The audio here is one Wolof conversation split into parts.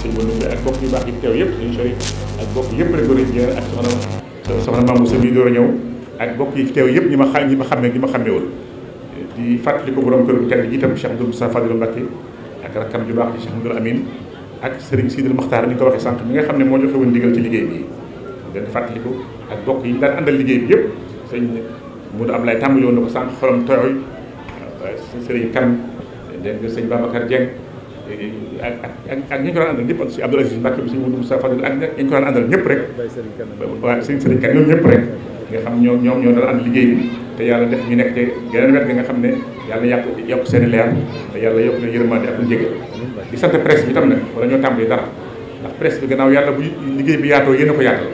sëñ Modou Mbaye ak bokk yu baax yi teew yëpp suñu sori ak bokk yëpp rek góor yi ak soxna soxna Maam Moussa door a ñëw ak bokk yi teew yëpp ñi ma xam ñi ma xàmmee ñi ma xàmmeewul di fàttali ko borom kër bu tedd ji itam Cheikh Abdoul Moussa Fadilou Mbacké ak rakkam ju baax ci Cheikh Abdoul Amine ak Serigne Sidil ni ko waxee sànq nga xam ne moo joxe woon ndigal ci liggéey bi den fàttaliku ak bokk yi daan àndal liggéey bi yëpp sëñ am Ablaye tàmbali woon na ko sànq xolam tooy sëriñ kan dégg nga sëñ Babacar Dieng ak ak ak ñi ko daan àndal ñëpp ak si Abdoul bi si Moudou ànd liggéey bi te te geneen wet gi ne yàlla yàq yokk seen i leer te yàlla yokk na yërmande ak njëgal di dara ndax presse bi gannaaw yàlla bu liggéey bi yaatoo yéen a ko yaatal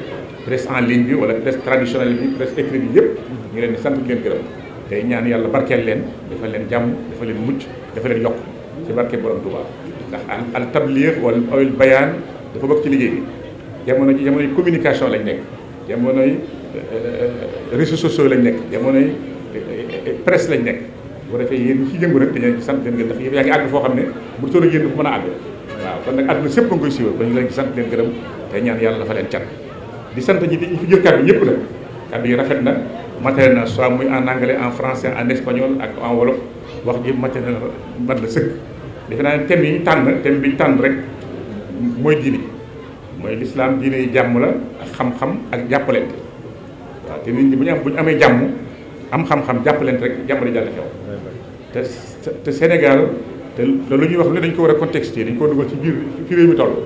presse en ligne bi wala presse traditionnelle bi presse écrite bi ñu leen di sant di leen gërëm tey ñaan yàlla barkeel leen dafa leen jàmm dafa leen mucc dafa leen yokk ci barke borom Touba ndax al tabliir wala awil bayaan dafa bokk ci liggéey bi jamono ji jamonoy communication lañ nekk jamonoy euh, réseaux sociaux lañ nekk jamonoy euh, euh, presse lañ nekk bu defee yéen ci yëngu rek dañu sant leen gërëm ndax yaa ngi àgg foo xam ne bu toll yéen dafa mën a àgg waaw kon nag àdduna sépp nga koy siiwal kon ñu leen di sant leen gërëm te ñaan yàlla dafa leen cat di sant ñi di fi jël kàddu ñëpp nag kàddu yi rafet na matériel na soit muy en anglais en français en espagnol ak en wolof wax ji matériel mat la sëkk defe naa yi ñu tànn thème bi ñu tànn rek mooy diine mooy lislaam diine yi jàmm la ak ak jàppalente te nit ñi bu ñu amee jàmm am xam-xam rek jàmm di jàll xew te te Sénégal te loolu ñuy wax ne dañ ko war a contexté dañ ko dugal ci biir fi réew mi toll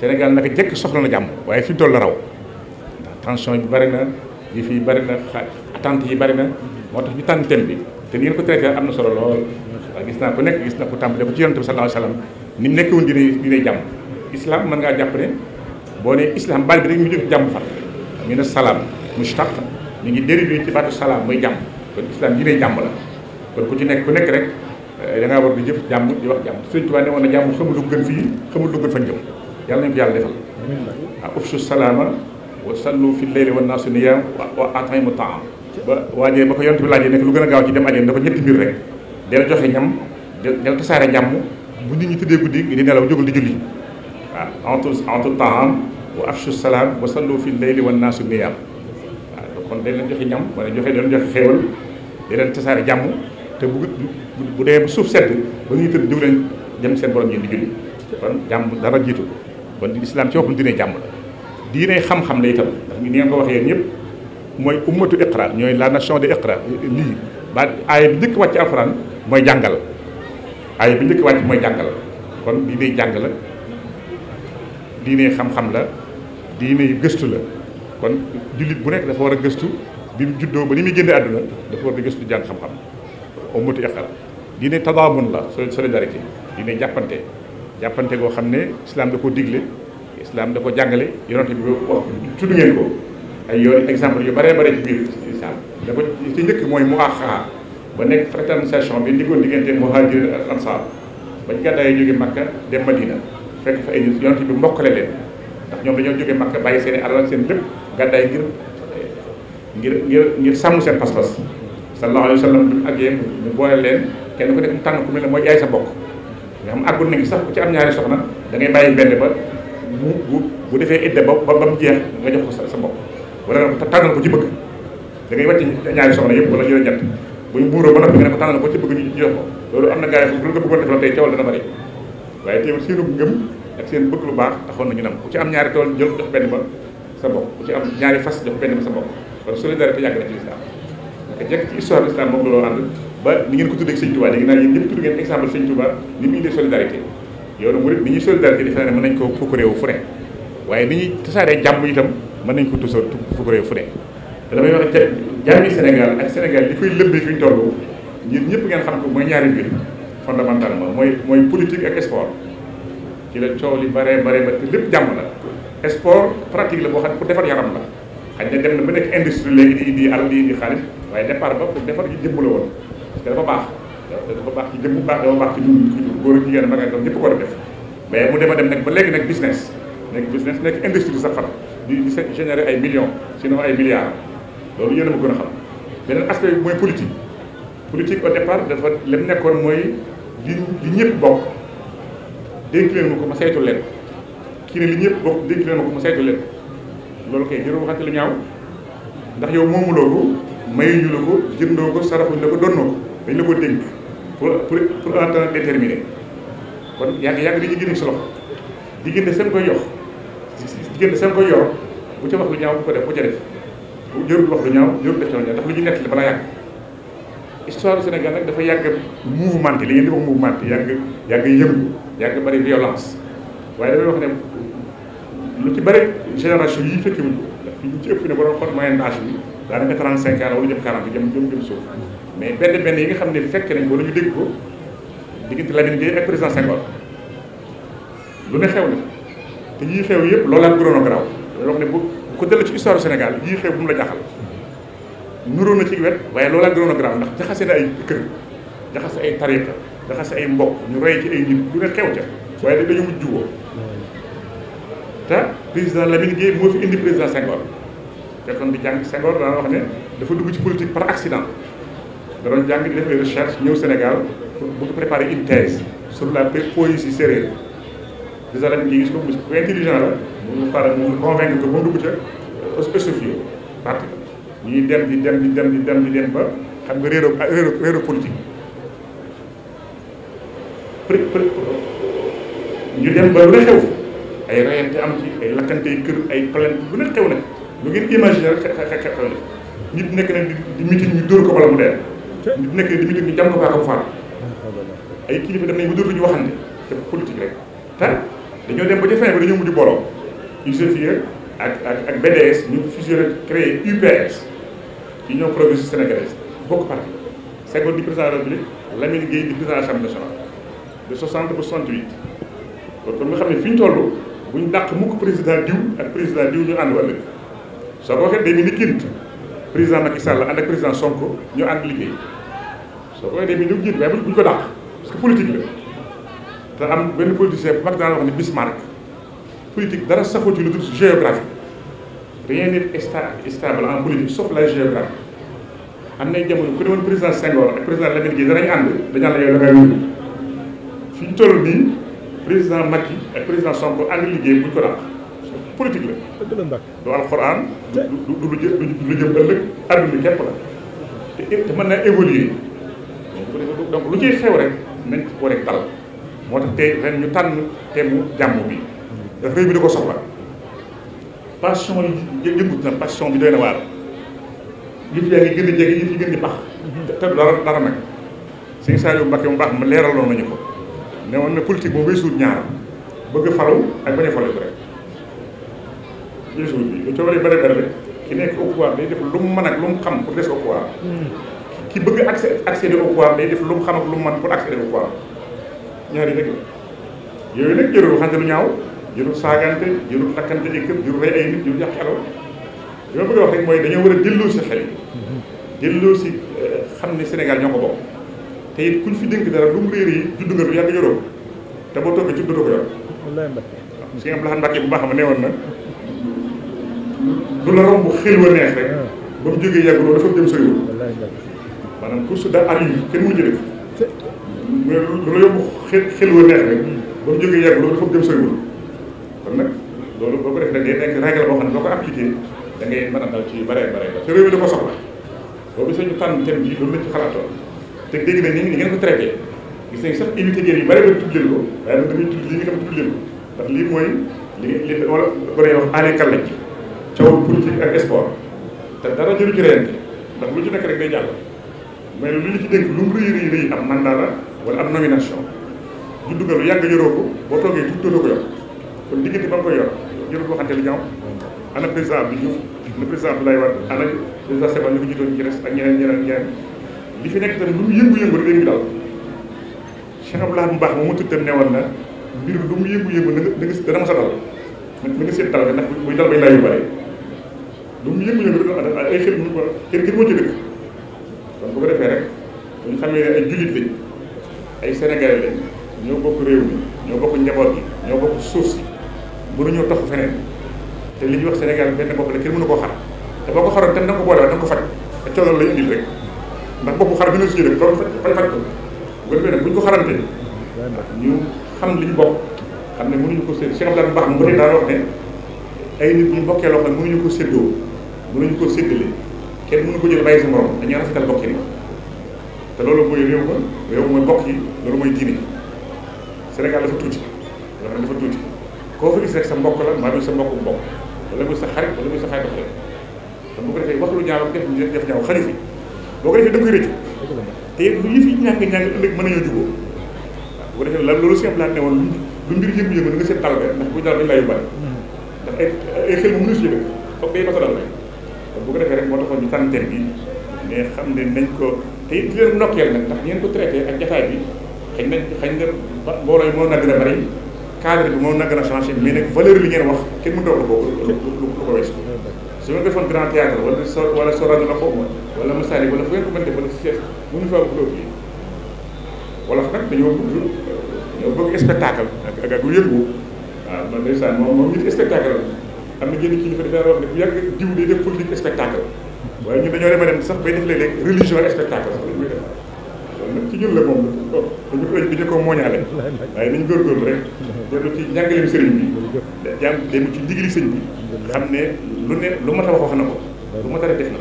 Sénégal naka jëkk soxla na jàmm waaye fi mu toll la raw ndax tension yi bari na yi fii bari xa attente yi bari na moo tax ñu tànn thème bi te ni ngeen ko traité am na solo lool gis naa ku nekk gis na ku tàmbale ko ci yonent bi sallallahu nekk woon dina dina jàmm islam mën ngaa jàpp boo ne islam baat bi mu jóg jàmm far ñu ne salaam mushtaq ñu ngi dérivé ci baatu salaam mooy jàmm kon islam dina jàmm ku ci nekk ku nekk rek eh, da ngaa war di jàmm di wax jàmm Sëriñ Tuubaa ne woon na jàmm xamul lu gën fii xamul lu gën fan jëm yàlla yàlla defal waaw ah, ufsu salaama wa sallu fi leyli wa naasu niyaam wa at'imu taam ba waajee ba ko yonent bi laajee nekk lu gën a gaaw ci dem ajeen dafa ñetti mbir rek del joxe ñam del tasaare jàmm bu nit ñi tëddee guddi di nelaw jógal di julli waaw entre entre taam wa afshu salaam wa sallu fi layli wan naasu niyaam waaw kon day leen joxe ñam wala joxe dañ joxe xéewal di leen jàmm te bu bu dee suuf sedd ba ñuy tëdd jóg leen dem seen borom ñi di julli kon jàmm dara jiitu kon lislaam ci bu diine jàmm la diine xam-xam la itam ndax ni ngeen ko waxee yéen ñëpp mooy ummatu iqra ñooy la nation de iqra lii ba aaya bi njëkk wàcc alxuraan mooy jàngal ay bi njëkk wàcc mooy jàngal kon diine jàng la diine xam-xam la diine gëstu la kon jullit bu nekk dafa war a gëstu bi juddoo ba ni muy génne àdduna dafa war a gëstu jàng xam-xam ummatu iqra diine tadaamun la solidarité diine jàppante jàppante goo xam ne islam da ko digle islam da ko jàngale yonante bi wax tudd ngeen ko ay yoon exemple yu baree bare ci biir islam dafa ci njëkk mooy mu axaa ba nekk fraternisation bi ndigoon diggante muhajir ak ansaar bañ gàddaay jóge Makka dem Madina fekk fa ay nit yonent bi mbokkale leen ndax ñoom dañoo jóge Makka bàyyi seen i alal seen lépp gàddaay ngir ngir ngir ngir sàmm seen pas-pas sallallahu alayhi wa sallam ak yéen ñu boole leen kenn ku nekk mu tànn ku mel ne mooy yaay sa bokk nga xam àggul nañu sax ku ci am ñaari soxna da ngay bàyyi benn ba bu bu bu defee idda ba ba mu jeex nga jox ko sa sa bokk wala tànnal ko ci bëgg da ngay wàcc ñaari yëpp wala ñu la ñett buñ ñu buuroo ba noppi nga ne ko tànnal ko ci bëgg ñu jox ko loolu am na gars yi bu ko bëggoon def la tey teewal dana bari waaye teewul seenu ngëm ak seen bëgg lu baax taxoon nañu nam ku ci am ñaari tool jël jox benn ba sa bopp ku ci am ñaari fas jox benn ba sa bopp ci lislaam naka jekk ci histoire lislaam moom looloo ànd ba ni ngeen ko tuddee sëñ Touba léegi naa tudd ngeen exemple sëñ Touba ni muy indee solidarité yow na murid ni solidarité defe naa ne wu fu ne waaye ni mën nañ ko tusa procuré fu ne te damay wax jàngi Sénégal ak Sénégal li koy lëbbee fu ñu toll ñun ñëpp ngeen xam ko mooy ñaari mbir fondamentalement mooy mooy politique ak sport ci la coow li bare bare ba te lépp jàmm la sport pratique la boo xam ne pour defar yaram la xaj na dem na ba nekk industrie léegi di indi alal di indi xaalis waaye départ ba pour defar ji jëmm la woon parce que dafa baax dafa baax ci jëmm baax dafa baax ci dund ci dund góor ak jigéen mag ak doom ñëpp ko war a def mais mu dem a dem nag ba léegi nag business nekk business nekk industrie sax far di di générer ay millions sinon ay milliards loolu yéen a ma gën a xam beneen aspect bi mooy politique politique au départ dafa lem nekkoon mooy li li ñëpp bokk dénk leen ma ko ma saytu leen kii ne li ñëpp bokk dénk leen ko ma saytu leen loolu kay jërë waxante lu ñaaw ndax yow moomuloo ko mayuñu la ko jëndoo ko sarafuñ la ko donnoo ko dañ la ko dénk pour pour pour un temps déterminé kon yàgg yàgg dañuy génne si loxo diggante seen koy yox diggante seen koy yor bu ca wax lu ñaaw bu ko def bu ca def jërul wax lu ñaaw jërul def ci lu ndax lu ñu nettali balaa yàgg histoire du Sénégal nag dafa yàgg mouvementé li ngeen di wax mouvementé yàgg yàgg yëngu yàgg bari violence waaye dafay wax lu ci bari génération yi fekki wuñ ko ndax fi ñu ci ëpp ne borom xool moyen bi daanaka 35 ans wala jëm 40 jëm jëm jëm suuf mais benn benn yi nga xam ne fekk nañ ko wala ñu dégg ko diggante Lamine Gueye ak président Senghor lu ne xew na te ñuy xew yëpp loolu ak gënoon a wax ne ku dellu ci histoire Sénégal yii xew bu mu la jaaxal nuróo na ci wet waaye loolaa gënoon a garaaw ndax jaxase na ay kër jaxase ay tariqa jaxase ay mbokk ñu rey ci ay nit lu ne xew ca waaye da dañu mujj woo te président Lamine Guèye moo fi indi président Senghor te kon di jàng Senghor daana wax ne dafa dugg ci politique par accident da doon jàng di def ay recherche ñëw Sénégal pour bëgg préparer une thèse la poésie sérère président Lamine Guèye gis ko mu la ñu pare ñu convaincre que ba mu dugg ca spécifié parti ñuy dem di dem di dem di ba xam nga réero ah, réero réero politique ba lu ne xew ay reyante am ci ay lakkante kër ay plainte bu ne xew na lu ngeen imaginer rek xew xew na nit nekk na di meeting ñu dóor ko bala mu dee nit nekk na di meeting ñu jam ko baaxam faatu ay kilifa dem nañ ba dóor ñu waxante te politique rek te dañoo dem ba ca fin ba dañoo mujj booloo UGFIE ak ak ak ñu fusionné créé UPS Union progressiste sénégalaise bokk parti Senghor di président de la République Lamine Gueye di président de l'Assemblée nationale de 60 ba 68 kon kon nga xam ne fi ñu toll bu ñu dàq mukk président diw ak président diw ñu ànd wàll soo ko waxee dañu ni gént président Macky Sall ànd ak président Sonko ñu ànd liggéey soo ko waxee dañu ni gént waaye bu ñu ko dàq parce que politique la te am benn politicien bu mag daan politique dara sa ci lu dul géographie rien n'est stable en politique sauf la géographie am nay jamono ku demoon président Senghor ak président Lamine fi ñu toll nii président Macky ak président Sonko ànd liggéey bu ñu ko dàq politique bi képp la te te mën lu ciy xew rek nañ ko war ñu tànn thème mu jàmm bi ndax réew mi da ko soxla passion yi na passion bi doy na waar yëf yaa ngi gën a jege yëf yi gën di baax te dara dara nag sëñ Saliou Mbacké mu baax ma leeraloon nañu ko ne woon ne politique boobu weesuut ñaar bëgg falaw ak bañ a falaw bi rek weesuut bi lu coow bari bari rek ki nekk au pouvoir day def lu mu mën ak lu mu xam pour des au pouvoir hmm. ki bëgg accès accéder au pouvoir day def lu mu xam ak lu mu mën pour accéder au pouvoir ñaar yi rek la jurul saagante jurul lakkante ay kër jurul rey ay nit jurul yàq alal li ma wax rek mooy dañoo war a delloo si xel yi delloo si eh, xam ne Sénégal ñoo ko bokk te it kuñ fi dénk dara lu mu réer yi juddu nga du yàgg yoroo te boo toogee juddu ko yor si am laxan Mbàkke bu ne woon na du la romb rek ah. ba mu jógee yàgg loolu dafa dem soriwul maanaam course da ar yi kenn mu jëlee mu lu la yomb xel wa neex rek hmm. ba mu jógee yàgg loolu dafa dem soriwul kon nag loolu boo ko defee da ngay nekk règle boo xam ne boo ko appliqué a daw ci bare bare la te te dégg na ni ni ngeen ko traité gis nañ sax invité ba tudd leen ko waaye nag dañuy tudd li ñu xam tudd bu dee wax année kàllañ dénk lu mu rëy rëy rëy am mandat la wala am nomination juddu nga lu yàgg yoroo ko boo toogee tuddoo ko yor kon diggante ba nga koy yor jël ko waxante lu ñaaw ana président bi Diouf ana président Abdoulaye Wade ana président Seba ñu ko jiitoon ci des ak ñeneen ñeneen ñeneen li fi nekk tamit lu mu yëngu-yëngu rek dañuy daal Cheikh Abdoulaye bu baax moom mu tudd tam ne woon na mbir mi du mu yëngu-yëngu na nga dana ma sa dal na nga seet dal nga ndax buy dal bay laay yu bëri lu mu yëngu-yëngu rek ay xel mu ko xel gën moo ci dëkk kon bu ko defee rek bu ñu xamee ne ay jullit lañ ay sénégalais lañ ñoo bokk réew mi ñoo bokk njaboot bi ñoo bokk suuf si mënuñoo tox feneen te li ñuy wax Sénégal benn bopp la kenn mënu koo xar te boo ko xaroon te na ko boole da nga ko faj te coolal lay indil rek ndax boppu xar bi na suñu dëkk loolu faj faj ko bu ko defee nag bu xam li ñu bokk xam ne mënuñu ko sédd Cheikh Abdoulaye Mbax mu bëri daal wax ne ay nit ñu bokkee loo xam ne mënuñu ko séddoo mënuñu ko séddale kenn mënu ko jël bàyyi sa morom dañuy rafetal bokk te loolu mooy réew yi loolu mooy diine Sénégal dafa tuuti dafa tuuti koo fa sa mbokk la mbaa muy sa mbokku mbokk wala muy sa xarit wala muy sa xarit xarit ko defee wax lu ñaaw def def ñaaw xarit fi boo ko defee da nga koy rëccu te lu yëf yi ñàng ñàng ëllëg mën ne woon lu mbir yëngu-yëngu da nga seet dal be ndax bu dal dañu laa yóbbaale ndax ay ko defee rek moo taxoon ñu tànn thème bi mais xam ne nañ ko te it di leen nokkeel nag ndax ñeen ko traité ak jataay bi xëy na xëy na mbooloo yi moo nag dina bari cadre bi moom nag gën a changé mais valeur bi ngeen wax kenn mënut a wax lu ko lu ko weesu su ma defoon grand théâtre wala so wala Sorano la ko wala Masalik wala fu ngeen ko mën def wala si seet mënuñu faa guddoo kii wala nag dañoo bëgg dañoo bëgg spectacle ak ak ak yëngu waaw man ndeysaan moom moom nit spectacle la am na génn kii ñu fa def wax ne bu yàgg diw day def politique spectacle waaye ñun dañoo dem dem sax bay def léeg-léeg religion spectacle sax nag ci ñun la moom dañu ko ëj bi ñu ko mooñaale waaye nañ góorgóorlu rek dellu ci njàngaleem sëriñ bi jàmm dem ci ndigli sëñ bi xam ne lu ne lu ma ta wax wax na ko lu ma ta def na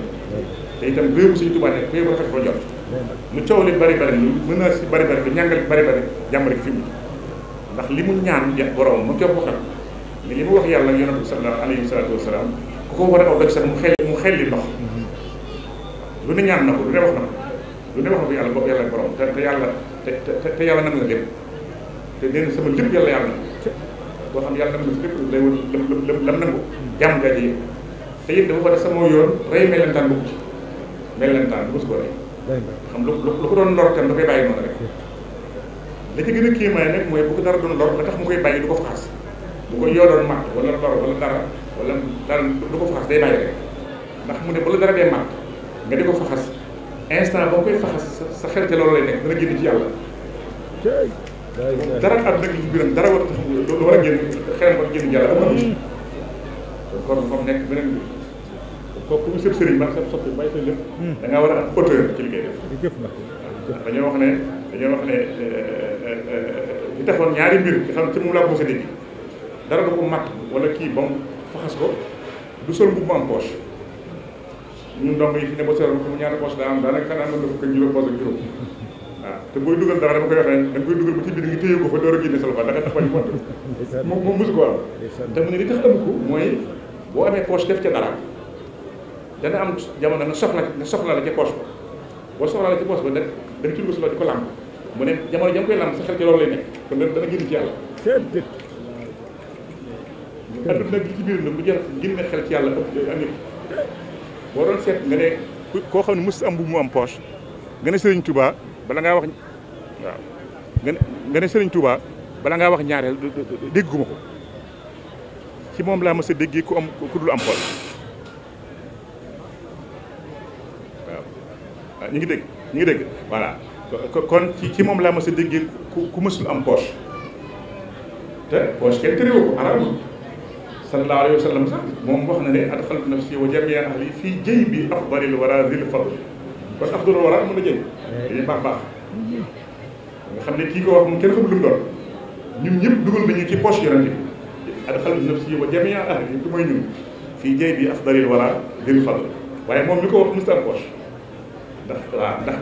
te itam réew suñu Tuubaa ne réew rafet ko jot lu bari bari mën a si bari bari lu ñàngal bari bari jàmm rek fi mu ndax li mu ñaan ya borom mu jox ko xam ne li mu wax yàlla yonent a sallallahu alayhi salaatu wasalaam ku ko war a aw doj sax mu xel mu xel li ndox lu ne ñaan na ko lu ne wax na ko lu ne wax ko yàlla bopp yàlla borom te te yàlla te te yàlla nangu na lépp te nee na sama lépp yàlla yàlla boo xam yàlla nangu na si lépp lay won lam lam nangu jàmm gaa ji te sama yoon rey melentaan bokku ci melentaan bu ko su ko rey xam lu lu ko doon lor tam dafay bàyyi noonu rek la ci gën kii kéemaay nag mooy bu ko dara doon lor la tax mu koy bàyyi du ko faxas bu ko yoodoon màtt wala lor wala dara wala dara du ko faxas day bàyyi rek ndax mu ne bu la dara dee màtt nga di ko faxas instant boo koy faxas sa xel ca loolu lay nekk dana génn yàlla dara am dëgg ci biiram dara war a lu war a génn xelam war a yàlla am ci kon moom nekk beneen bi kooku bu sëb sëriñ man sab hmm. a am auteur ci dañoo wax ne dañoo wax ne euh, euh, euh, ñaari mbir dara du ko matt wala kii ba faxas ko du sol mbubb mu am ñun ndongo yi fi ne ba seeroon xam ñaata poche daa am daanaka xanaa am na dafa koy juróom poche juróom waaw te booy dugal dara dama koy waxee da nga koy dugal ba ci biir nga téye ko fa door a génne sa loxo ndax dafa am te jamono nga soxla nga soxla la ca poche ba boo soxla la ci poche ba nag da nga ci dugal sa loxo ko làmb mu ne jamono jam koy làmb sa xel ci loolu lay nekk kon dana génn ci yàlla adduna gi ci biir na bu jar génne xel ci yàlla ëpp am boo doon seet nga ne koo xam ne mos am bu mu am poche nga ne Serigne Touba bala ngaa wax waaw nga ne nga ne bala ngaa wax ñaareel dégguma ko ci moom laa mës a déggee ku am ku dul am poche ah, ñu ngi dëgg ñu ngi dégg voilà kon ci ci moom laa mës a déggee ku ku mësul am poche te poche kenn tëriwu ko araam sallallahu alayhi wa sallam sax moom wax na ne adxaltu nafsi wa jamia ahli fii jëy bi afdalil wara zil fadl a jëy dañuy baax baax nga xam ne kii ko wax moom kenn xamul doon ñun ñëpp dugal nañu ci poche yonent bi adxaltu nafsi wa jamia ahli du mooy ñun fii jëy bi afdalil wara zil fadl waaye moom mi ko wax musta am poche ndax waaw ndax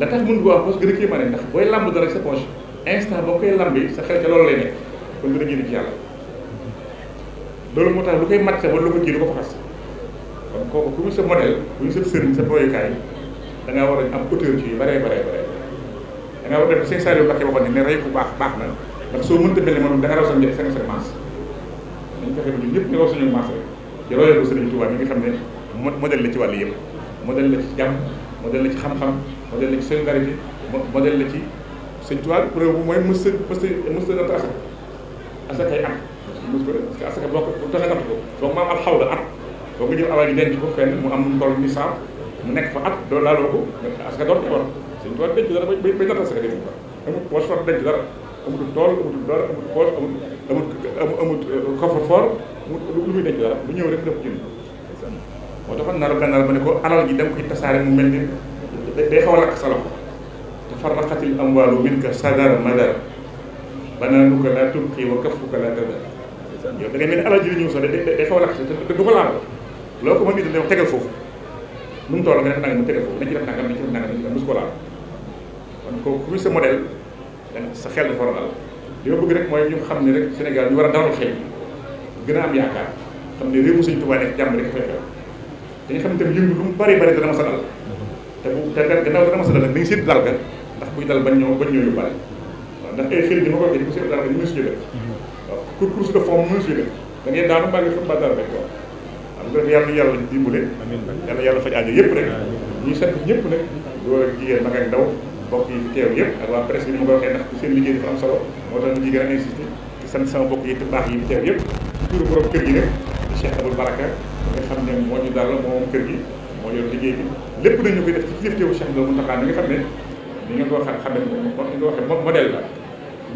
la tax mën ko wax poche gën a kii ma ne ndax booy lamb dara sa poche instant boo koy lambee sa xel ca loolu lay nekk kon a génn ci loolu moo tax lu koy mat sa wala lu ko kii lu ko faxas kon kooku ku muy sa modèle ku muy sa sëriñ sa royukaay da ngaa war a am auteur ci yu bare bare bare da ngaa war a def seen saari Mbàkke waxoon ne rey ku baax baax na ndax soo mënta mel ne moom da nga raw sa njëkk sa sa maas dañ fexe ba ñun ñëpp nga raw suñu maas rek ci royal bu sëriñ Tuubaa mi nga xam ne modèle la ci wàll yëpp modèle la ci jàmm modèle la ci xam-xam modèle la ci solidarité modèle la ci sëñ Tuubaa preuve bu mooy mës mës mës na tax asakay am mos ko que asaka boo ko mu am ab xaw la at boo ko jël alal ji denc ko fenn mu am mu toll ni saam mu nekk fa at doo laaloo ko asaka doon ko war suñ ko war denc de bay bay natt asaka demul ko amul poche fort denc dara amul tool amul dara amul poche dara lu ñëw rek def jënd moo taxoon nar gànnaar ba ne ko alal ji dem koy tasaare mu mel a lakk sa loxo tafarraqatil amwaalu minka sadar madar banaanuka laa tulqi yow da ngay mel ni alal ji ñëw sax day day xaw a lakk te du ko laal loo ko mën itam tegal foofu mu tegal foofu nañ ci def ko laal kon kooku kuy sa xel dafa a dal bëgg rek mooy ñu xam ne rek Sénégal ñu war a dalal xel a am yaakaar xam ne réewu Sëñ Tuubaa nekk jàmm rek fay xew mu bari bari dana sa te bu te gannaaw dana sa dal nag dañ seet dal ga ndax buy dal bañ ñoo bañ ñoo yóbbaale waaw ndax ay xel di ma ko waxee di ko seet dal ga ñu ngi suñu dëkk pour course de forme mesurée da ngeen daanu mbaa ngeen fa mbaa dara rek waaw xam nga yàlla yàlla dimbale yàlla yàlla faj aajo yëpp rek ñuy sant ñëpp nag góor ak jigéen mag ak ndaw mbokk yi teew yëpp ak waa bi ni ma ko waxee ndax seen liggéey moo a insisté moom kër gi moo yor liggéey bi lépp nañu koy def ci kilifteewu Cheikh Abou Mountakha nga xam ne ni nga ko xam xamee moom moom modèle la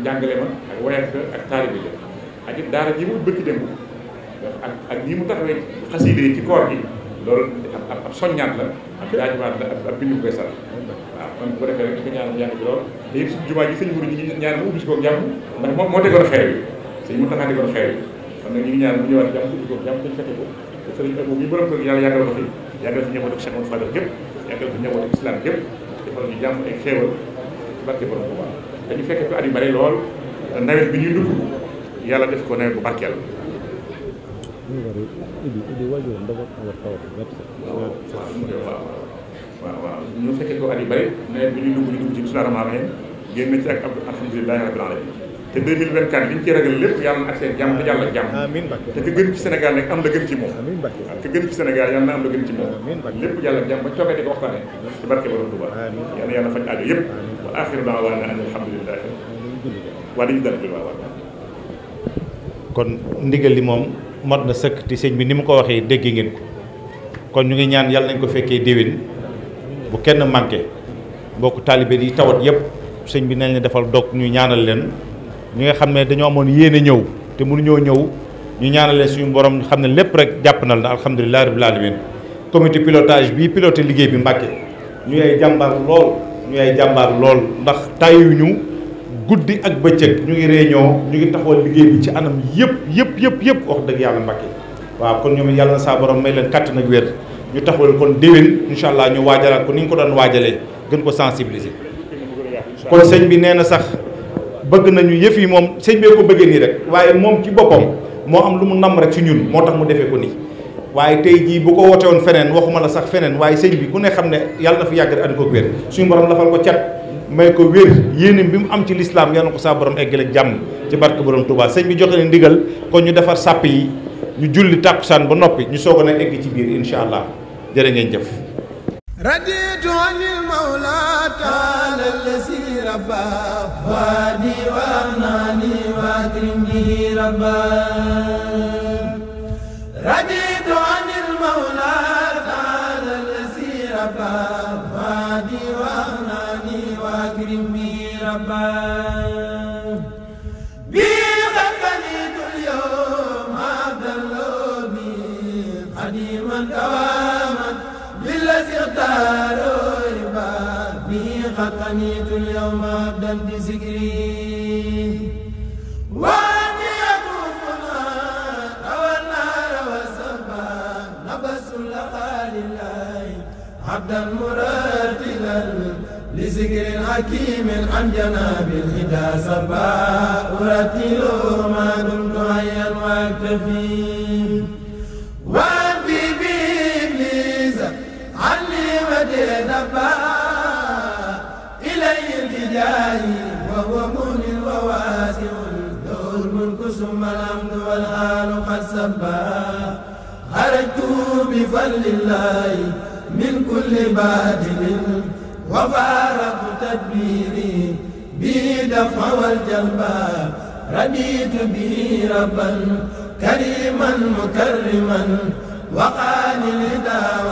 njàngale ma ak wayat ak taalibe la ak it daara ji mu bëkki démb ak ak nii mu taxawee xasiidee ci koor gi loolu ab ab soññaat la ak daajuwaat la ak ab bindu koy sal waaw kon bu ko defee rek di ko ñaanal yàgg bi lool te it suñu jumaa ji sëñ Mourou ñu ngi ñaan mu ubbi si koog jàmm moo moo tegoon dañ fete ko te sëriñ Abo bi jàmm ay xéewal barke borom ko ko at yu bare lool nawet bi ñuy dugg yàlla def ko nawet bu barkeel waaw waaw waaw ñu fekkee ko at yu bëri nawet bi ñu dugg ñu dugg ci bismillah rahmaan rahim génn ci ak ab alhamdulilahi rabbil alamin te 2024 li ñu ci ragal lépp yàlla na ak seen jàmm te jàll ak jàmm te ka gën ci Sénégal nag am la gën ci moom waaw gën ci Sénégal yàlla na am la gën ci moom lépp jàll ak jàmm ba toogee di ko waxtaane ci barke borom Tuuba yàlla yàlla faj aajo yëpp wa axiru daawaana kon ndigal li moom mat na sëkk te señ bi ni mu ko waxee dégg ngeen ko kon ñu ngi ñaan yàlla nañ ko fekkee déwén bu kenn manqué mbokk taalibee yi tawat yëpp sëñ bi nañ la defal dog ñu ñaanal leen ñi nga xam ne dañoo amoon yéene ñëw te mënuñoo ñëw ñu ñaanal leen suñu borom xam ne lépp rek nal na alhamdulilah rabbil alamin comité pilotage bi piloté liggéey bi Mbàkke ñu ay jàmbaar lool ñu ay jàmbaar lool ndax tayuñu guddi ak bëccëg ñu ngi réunion ñu ngi taxawal liggéey bi ci anam yëpp yëpp yëpp yëpp wax dëgg yàlla Mbàkke waaw kon ñoom yàlla na saa borom may leen kàttan ak wér ñu taxawal kon déwén incha allah ñu waajalaat ko ni ñu ko doon waajalee gën ko sensibiliser. kon sëñ bi nee na sax bëgg nañu yëf yi moom sëñ bee ko bëggee nii rek waaye moom ci boppam moo am lu mu namm rek ci ñun moo tax mu defee ko nii. waaye tey jii bu ko woote feneen waxuma la sax feneen waaye sëñ bi ku ne xam ne yàlla na fi yàgg rek andi suñu borom lafal ko cat. may ko wér yéene bi mu am ci lislaam yal ko saa borom eggale jàmm ci barke borom Touba sëñ bi joxe ne ndigal kon ñu defar sàpp yi ñu julli tàkkusaan ba noppi ñu soog a na egg ci biir incha allah jërë ngeen jëf أميت اليوم أبدا بذكري وأني أكوفنا أو النار والسبا نبس لقى لله عبدا مرتلا لذكر حكيم عن جناب الهدى سربا أرتل ما دمت حيا وأكتفي ذنبا خرجت بفضل الله من كل باطل وفارقت تدبيري بدفع والجلبا رضيت به ربا كريما مكرما وقال لداوى